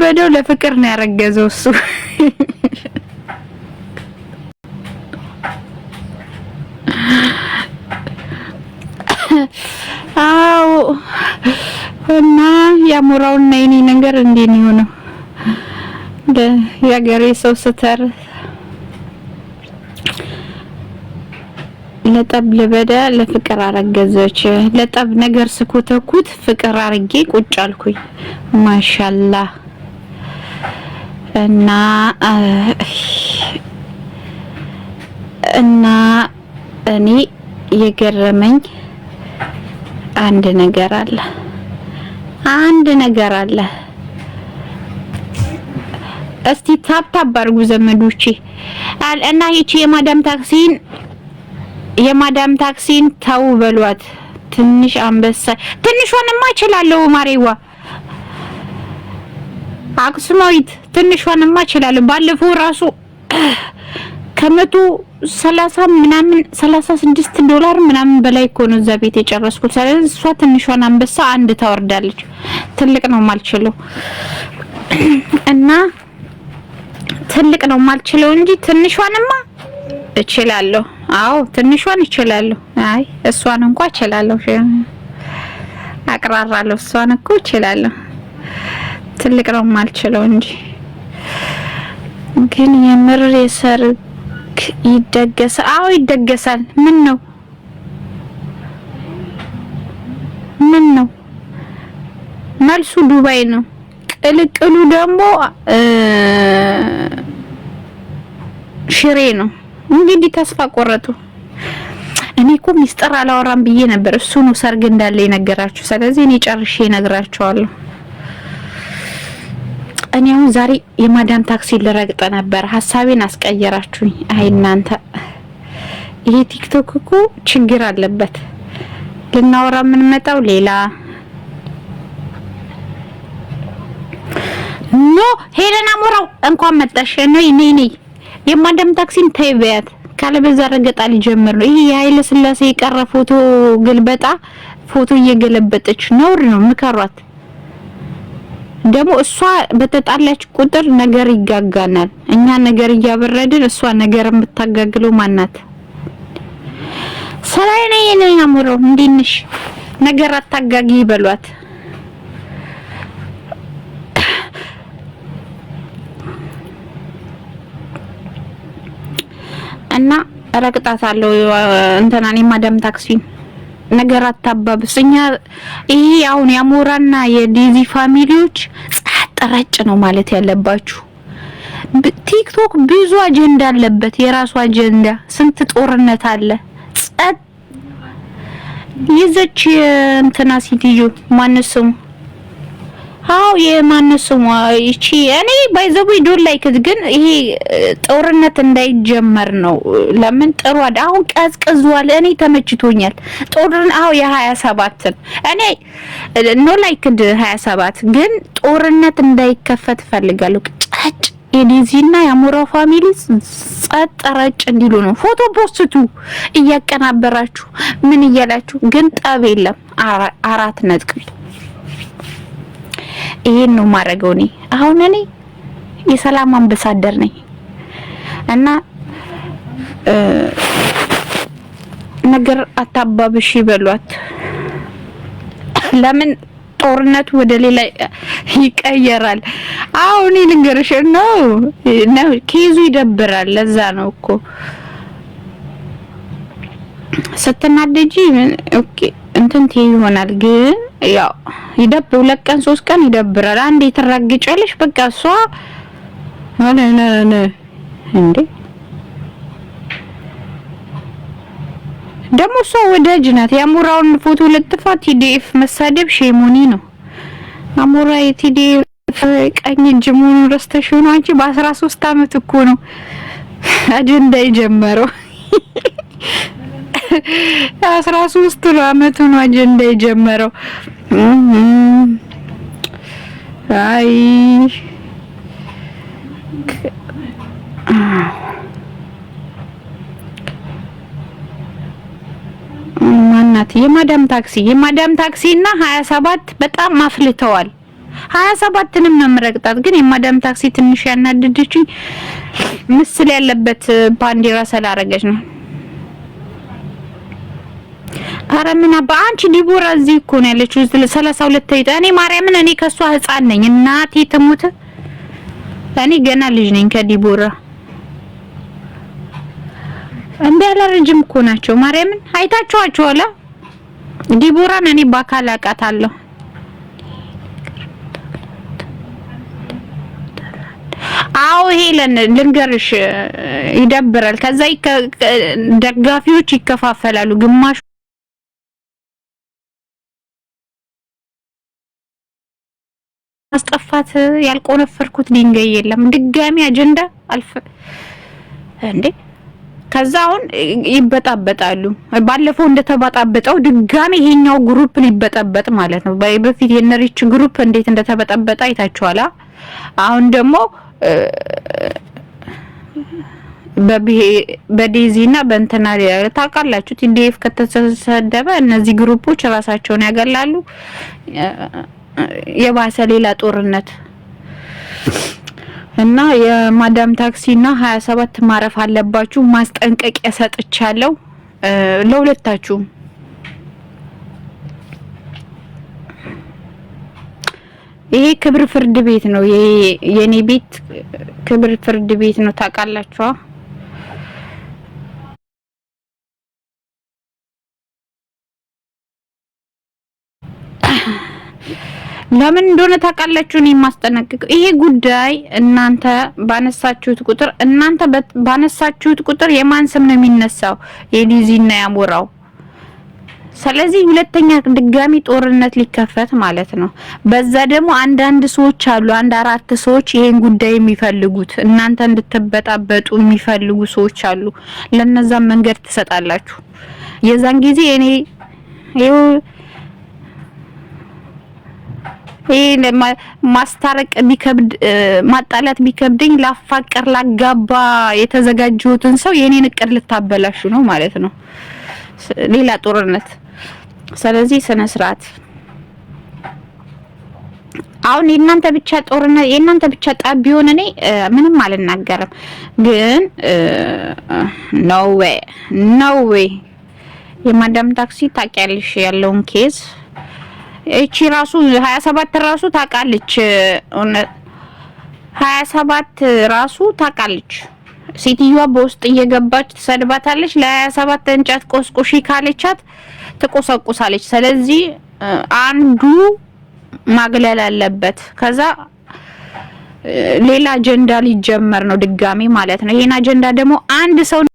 በለው ለፍቅር ነው ያረገዘው እሱ። አዎ እና ያሞራውና የኔ ነገር እንዴ ነው የሆነው? የአገሬ ሰው ስተር ለጠብ ልበዳ ለፍቅር አረገዘች። ለጠብ ነገር ስኮተኩት ፍቅር አርጌ ቁጭ አልኩኝ። ማሻላህ እና እና እኔ የገረመኝ አንድ ነገር አለ። አንድ ነገር አለ። እስቲ ታብታብ አድርጉ ዘመዶቼ። እና ይቺ የማዳም ታክሲን የማዳም ታክሲን ተው በሏት። ትንሽ አንበሳ ትንሿንማ እችላለሁ ማሬዋ አክሱማዊት ትንሿንማ እችላለሁ። ባለፈው ራሱ ከመቶ ሰላሳ ምናምን ሰላሳ ስድስት ዶላር ምናምን በላይ እኮ ነው እዛ ቤት የጨረስኩት። ስለዚህ እሷ ትንሿን አንበሳ አንድ ታወርዳለች። ትልቅ ነው ማልችለው እና ትልቅ ነው ማልችለው እንጂ ትንሿንማ እችላለሁ። አዎ ትንሿን እችላለሁ። አይ እሷን እንኳ እችላለሁ፣ አቅራራለሁ። እሷን እኮ እችላለሁ። ትልቅ ነው ማልችለው እንጂ ግን የምር የሰርግ ይደገሳል። አዎ ይደገሳል። ምን ነው ምን ነው መልሱ ዱባይ ነው። ቅልቅሉ ደግሞ ሽሬ ነው። እንግዲህ ተስፋ ቆረጡ። እኔ እኮ ሚስጥር አላወራም ብዬ ነበር። እሱ ነው ሰርግ እንዳለ የነገራችሁ። ስለዚህ እኔ ጨርሼ እነግራችኋለሁ። እኔ አሁን ዛሬ የማዳም ታክሲ ልረግጠ ነበር። ሀሳቤን አስቀየራችሁኝ። አይ እናንተ ይሄ ቲክቶክ እኮ ችግር አለበት። ልናወራ የምንመጣው ሌላ ኖ ሄለን አሞራው እንኳን መጣሽ። ነይ ነይ ነይ የማዳም ታክሲን ተይ በያት፣ ካለበዛ ረገጣ ሊጀምር ነው። ይሄ የኃይለ ስላሴ የቀረ ፎቶ ግልበጣ ፎቶ እየገለበጠች ነውር ነው። ምከሯት ደግሞ እሷ በተጣላች ቁጥር ነገር ይጋጋናል። እኛ ነገር እያበረድን እሷ ነገር የምታጋግለው ማናት? ሰላይ የኔ አምሮ እንዴት ነገር አታጋጊ ይበሏት። እና ረቅጣት አለው ማዳም ታክሲ ነገር አታባብስ። እኛ ይሄ አሁን የአሞራና የዲዚ ፋሚሊዎች ጸጥ ረጭ ነው ማለት ያለባችሁ። ቲክቶክ ብዙ አጀንዳ አለበት፣ የራሱ አጀንዳ። ስንት ጦርነት አለ። ጸጥ ይዘች እንትና ሴትዮ ማንስሙ አዎ የማነው ስሟ ይቺ እኔ ባይዘቡ ዶን ላይክ ግን ይሄ ጦርነት እንዳይጀመር ነው። ለምን ጥሩ ጥሯል፣ አሁን ቀዝቅዟል። እኔ ተመችቶኛል ጦርን አው የሀያ ሰባትን እኔ ኖ ላይክ ሀያ ሰባት ግን ጦርነት እንዳይከፈት እፈልጋለሁ። ጫጭ የዲዚና የአሞራ ፋሚሊ ጸጥ ረጭ እንዲሉ ነው። ፎቶ ፖስቱ እያቀናበራችሁ ምን እያላችሁ ግን ጠብ የለም አራት ነጥብ ይሄን ነው ማድረገው። እኔ አሁን እኔ የሰላም አምባሳደር ነኝ እና ነገር አታባብሽ ይበሏት። ለምን ጦርነቱ ወደ ሌላ ይቀየራል? አሁን ልንገርሽ ነው ነው ኬዙ ይደብራል። ለዛ ነው እኮ ስትናደጂ እንትን ይሆናል ግን ያው ይደብ ሁለት ቀን ሶስት ቀን ይደብራል። አንዴ ትረግጫለሽ። በቃ እሷ አለ ነነ እንዴ ደግሞ እሷ ወዳጅ ናት። የአሞራውን ፎቶ ለጥፋ ቲዲኤፍ መሳደብ ሼሞኒ ነው። አሞራ የቲዲኤፍ ቀኝ እጅ መሆኑን ረስተሽ ሆኖ አንቺ በአስራ ሶስት አመት እኮ ነው አጀንዳ የጀመረው። አስራ ሶስት አመቱ ነው አጀንዳ የጀመረው። አይ ማናት የማዳም ታክሲ የማዳም ታክሲ እና ሀያ ሰባት በጣም አፍልተዋል። ሀያ ሰባትንም ነው የምረግጣት። ግን የማዳም ታክሲ ትንሽ ያናደደችኝ ምስል ያለበት ባንዲራ ስላረገች ነው። አረ ምን አባ አንቺ ዲቦራ እዚህ እኮ ነው ያለችው። ሰላሳ ሁለት አይጣ እኔ ማርያምን እኔ ከሷ ህፃን ነኝ። እናቴ ትሙት እኔ ገና ልጅ ነኝ ከዲቦራ እንደ አላረጅም እኮ ናቸው። ማርያምን አይታችኋቸዋል። ዲቦራን እኔ በአካል አውቃታለሁ። አዎ ሄለን ልንገርሽ፣ ይደብራል። ከዛ ደጋፊዎች ይከፋፈላሉ ግማሽ ማስጠፋት ያልቆነፈርኩት ድንጋይ የለም። ድጋሚ አጀንዳ አልፈ እንዴ ከዛ አሁን ይበጣበጣሉ። ባለፈው እንደተበጣበጠው ድጋሚ ይሄኛው ግሩፕ ሊበጠበጥ ማለት ነው። በፊት የነሪች ግሩፕ እንዴት እንደተበጠበጠ አይታችኋላ። አሁን ደግሞ በዴዚ እና በእንትና ታውቃላችሁ፣ ቲዲኤፍ ከተሰደበ እነዚህ ግሩፖች ራሳቸውን ያገላሉ። የባሰ ሌላ ጦርነት እና የማዳም ታክሲ እና ሀያ ሰባት ማረፍ አለባችሁ። ማስጠንቀቂያ ሰጥቻለሁ ለሁለታችሁም። ይሄ ክብር ፍርድ ቤት ነው። የኔ ቤት ክብር ፍርድ ቤት ነው። ታውቃላችኋ። ለምን እንደሆነ ታውቃላችሁ። እኔ የማስጠነቅቀው ይሄ ጉዳይ እናንተ ባነሳችሁት ቁጥር እናንተ ባነሳችሁት ቁጥር የማን ስም ነው የሚነሳው? የዲዚና ያሞራው። ስለዚህ ሁለተኛ ድጋሚ ጦርነት ሊከፈት ማለት ነው። በዛ ደግሞ አንዳንድ ሰዎች አሉ፣ አንድ አራት ሰዎች ይሄን ጉዳይ የሚፈልጉት እናንተ እንድትበጣበጡ የሚፈልጉ ሰዎች አሉ። ለነዛ መንገድ ትሰጣላችሁ። የዛን ጊዜ እኔ ይሄ ማስታረቅ ቢከብድ ማጣላት ቢከብድኝ ላፋቀር ላጋባ የተዘጋጀሁትን ሰው የኔን እቅድ ልታበላሹ ነው ማለት ነው። ሌላ ጦርነት። ስለዚህ ስነ ስርዓት አሁን የእናንተ ብቻ ጦርነት የእናንተ ብቻ ጠብ ቢሆን እኔ ምንም አልናገርም። ግን ኖዌ ኖዌ የማዳም ታክሲ ታውቂያለሽ ያለውን ኬዝ እቺ ራሱ 27 ራሱ ታውቃለች። ሀያ 27 ራሱ ታውቃለች። ሴትዮዋ በውስጥ እየገባች ትሰድባታለች። ለ ለ27 እንጨት ቆስቁሺ ካለቻት ትቆሰቁሳለች። ስለዚህ አንዱ ማግለል አለበት። ከዛ ሌላ አጀንዳ ሊጀመር ነው ድጋሚ ማለት ነው። ይሄን አጀንዳ ደግሞ አንድ ሰው